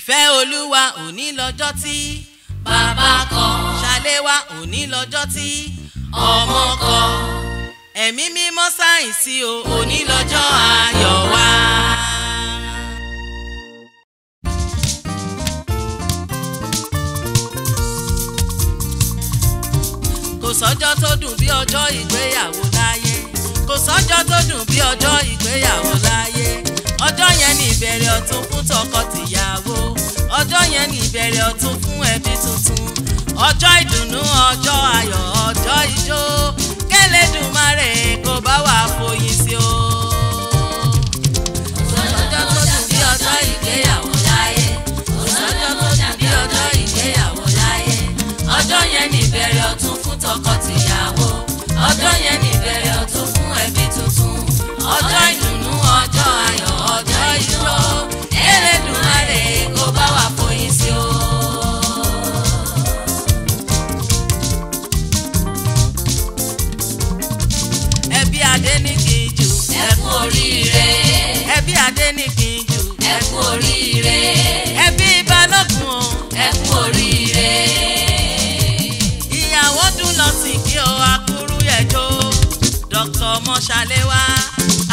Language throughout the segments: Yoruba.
ìfẹ́ olúwa òní lọ́jọ́ tí bàbá kan ṣàléwá òní lọ́jọ́ tí ọmọ kan ẹ̀mí mímọ́ sáyẹ̀nsì o òní lọ́jọ́ ayọ̀ wa. kò sọ́jọ́ tó dùn bí ọjọ́ ìgbéyàwó láyé kò sọ́jọ́ tó dùn bí ọjọ́ ìgbéyàwó láyé ọjọ́ yẹn ni ìbẹ̀rẹ̀ ọ̀tun fún tọkọ-tìyàwó ọjọ́ yẹn ni ìbẹ̀rẹ̀ ọ̀tun fún ẹbí tuntun ọjọ́ ìdùnnú ọjọ́ ayọ̀ ọjọ́ ijó kẹ́lẹ́dùmarè kó bá wa fòyìn sí o. ọjọ́ tó dàbí ọjọ́ ọjọ́ ìgbéyàwó ọjọ́ yẹn ni ìbẹ̀rẹ̀ ọ̀tun fún tọkọ-tìyàwó. Adéníkìjù ẹ kú oríire ẹbí Adéníkìjù ẹ kú oríire ẹbí Balógun o ẹ kú oríire. ìyàwó dún lọ sí kí o akúrú ẹjọ́ dr ọmọṣàléwá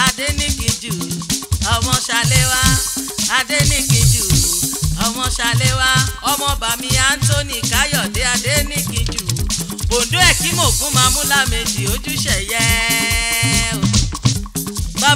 Adéníkìjù ọmọṣàléwá Adéníkìjù ọmọṣàléwá ọmọbàmí Anthony Káyọ̀dé Adéníkìjù òǹdó ẹ̀kí mògún máa múlá méjì ojúṣe yẹn.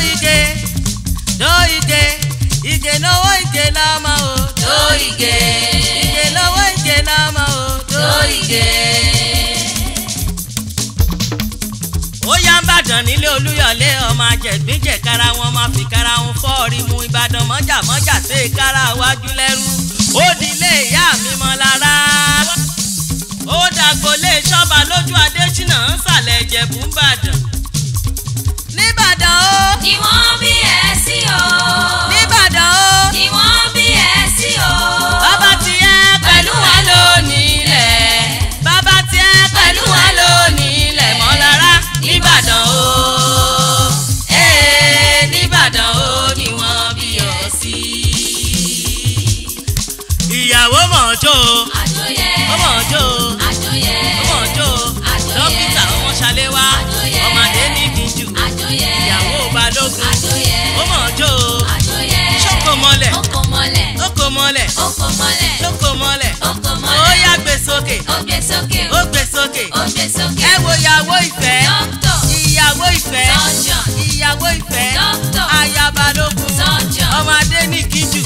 do ige do ige ige lọ́wọ́ ige láàmà o. do ige ige lọ́wọ́ ige láàmà o. do ige. ó yá ń bàdàn nílé olúyọ̀lé ọmọ àjẹgbíjẹ̀ kára wọn máa fi kára wọn fọ́ ọ̀rí mu ìbàdàn mọ́jà mọ́jà sí ìkárà wájú lẹ́. ọjọ́ ọmọ ọjọ́ ọmọ ọjọ́ dókítà ọmọ ṣàléwá ọmọ adé ní kìjú ìyàwó balógun ọmọ ọjọ́ ṣókò mọ́lẹ̀ ókò mọ́lẹ̀ ṣókò mọ́lẹ̀ ó yá gbé sókè ó gbé sókè ẹ wo ìyàwó ìfẹ́ ìyàwó ìfẹ́ ìyàwó ìfẹ́ aya balógun ọmọ adé ní kìjú.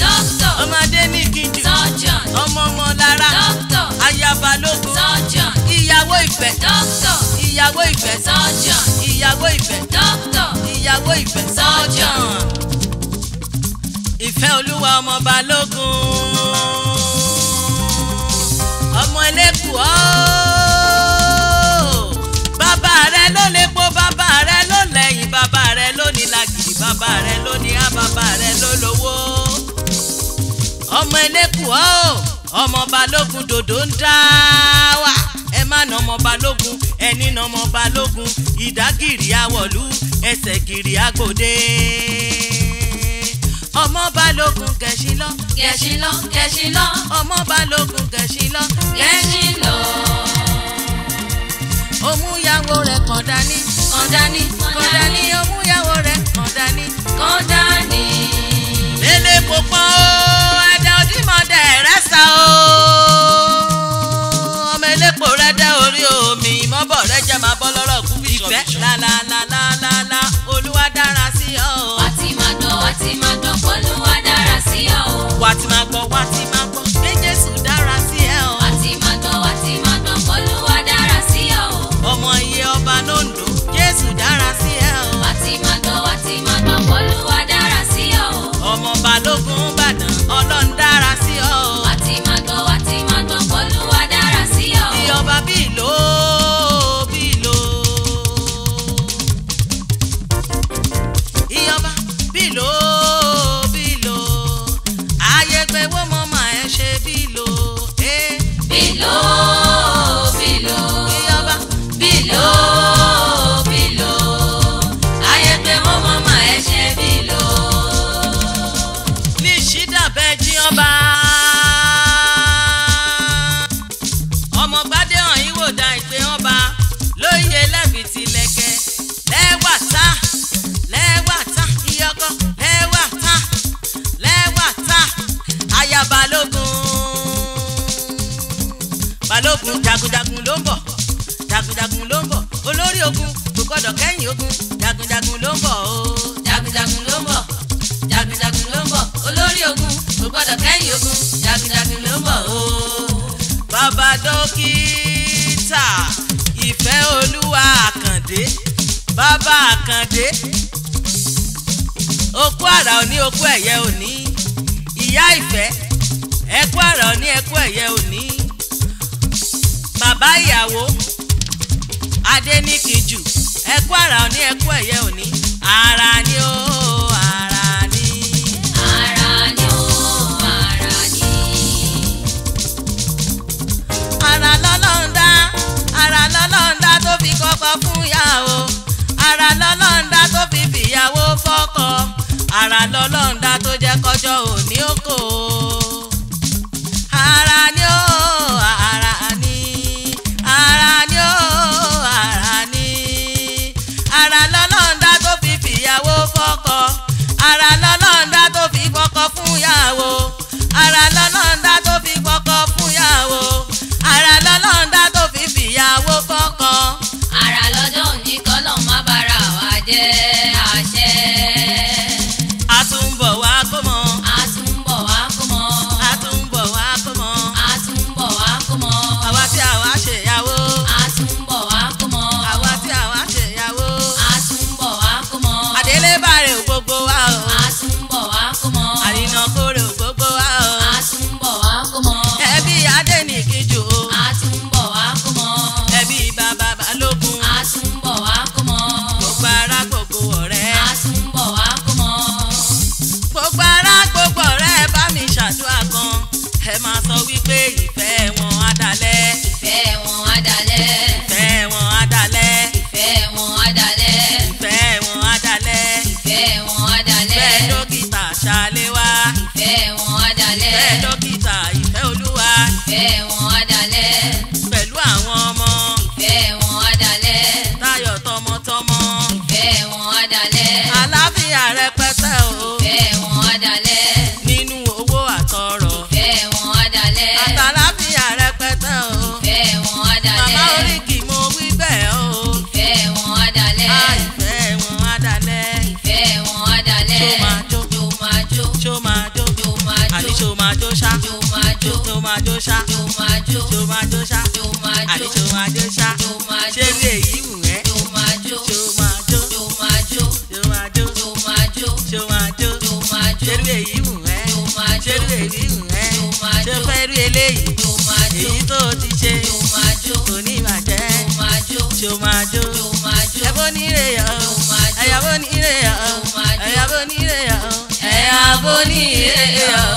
ìfẹ́ dókítọ̀ ìyàwó ìfẹ́ sọ́jọ̀n ìyàwó ìfẹ́ dókítọ̀ ìyàwó ìfẹ́ sọ́jọ̀n. ìfẹ́ olúwa ọmọ balógun ọmọ ẹlẹ́kùọ́ bàbá rẹ ló lè po bàbá rẹ ló lẹ́yìn bàbá rẹ ló ní làgìrì bàbá rẹ ló ní á bàbá rẹ ló lówó ọmọ ẹlẹ́kùọ́ ọmọ balógun dòdò ń dá wà má nà ọmọ balógun ẹni nà ọmọ balógun ìdágìrì àwọ̀lú ẹsẹ̀ gìrì àgbòde. ọmọ balógun gẹ̀ṣinlọ. gẹ̀ṣinlọ gẹ̀ṣinlọ. ọmọ balógun gẹ̀ṣinlọ. gẹ̀ṣinlọ. òmùyàwó rẹ̀ kàn dání. kàn dání. kàn dání òmùyàwó rẹ̀ kàn dání. kàn dání. lẹ́yìn ogun jagunjagun ló ń bọ̀ o jagunjagun ló ń bọ̀ jagunjagun ló ń bọ̀ olórí ogun kò gbọ́dọ̀ kẹ́yìn ogun jagunjagun ló ń bọ̀ o. bàbá dókítà ìfẹ́ olúwa àkàndé bàbá àkàndé okú àrà òní okú ẹ̀yẹ òní ìyá ìfẹ́ ẹkú àrà òní ẹkú ẹ̀yẹ òní bàbá ìyàwó adé ní kìjù ẹkú àrà òní ẹkú ẹ̀yẹ òní ara ni ó ara ni. ara ni ó ara ni. ara lọ́lọ́run dá ara lọ́lọ́run dá tó fi kọ́kọ́ fún yàwó ara lọ́lọ́run dá tó tó jẹ́ kọjọ́ òní ó kò. ṣó máa jó àní ṣó máa jó ṣá ṣó máa jó ṣá ṣó máa jó ṣá àní ṣó máa jó wù yeah.